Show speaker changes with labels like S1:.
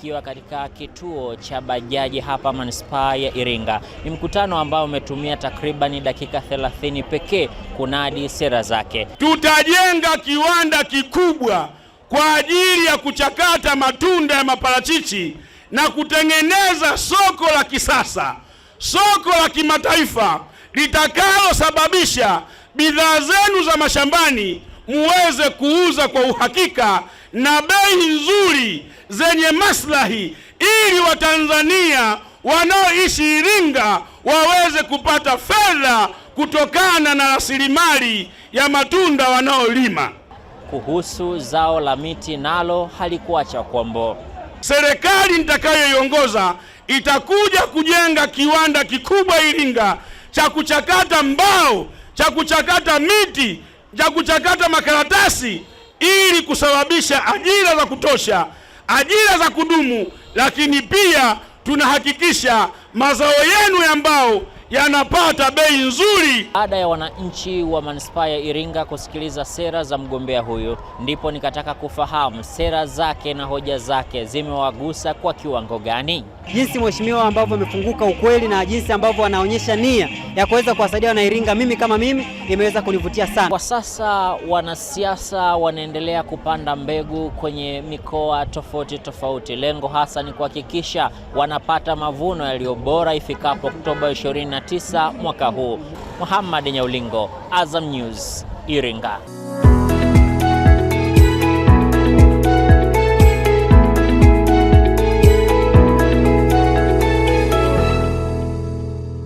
S1: ikiwa katika kituo cha bajaji hapa manispaa ya Iringa. Ni mkutano ambao umetumia takribani dakika 30 pekee kunadi sera zake.
S2: Tutajenga kiwanda kikubwa kwa ajili ya kuchakata matunda ya maparachichi na kutengeneza soko la kisasa, soko la kimataifa litakalosababisha bidhaa zenu za mashambani muweze kuuza kwa uhakika na bei nzuri zenye maslahi ili Watanzania wanaoishi Iringa waweze kupata fedha kutokana na rasilimali ya matunda wanaolima.
S1: Kuhusu zao la miti, nalo halikuacha kombo.
S2: Serikali nitakayoiongoza itakuja kujenga kiwanda kikubwa Iringa cha kuchakata mbao, cha kuchakata miti, cha kuchakata makaratasi ili kusababisha ajira za kutosha, ajira za kudumu, lakini pia tunahakikisha mazao yenu ya mbao yanapata bei nzuri.
S1: Baada ya wananchi wa manispaa ya Iringa kusikiliza sera za mgombea huyu, ndipo nikataka kufahamu sera zake na hoja zake zimewagusa kwa kiwango gani,
S3: jinsi mheshimiwa ambavyo amefunguka ukweli na jinsi ambavyo anaonyesha nia ya kuweza kuwasaidia Wanairinga, mimi kama mimi, imeweza kunivutia sana. Kwa
S1: sasa wanasiasa wanaendelea kupanda mbegu kwenye mikoa tofauti tofauti, lengo hasa ni kuhakikisha wanapata mavuno yaliyo bora ifikapo Oktoba 20 29 mwaka huu. Muhammad Nyaulingo, Azam News, Iringa.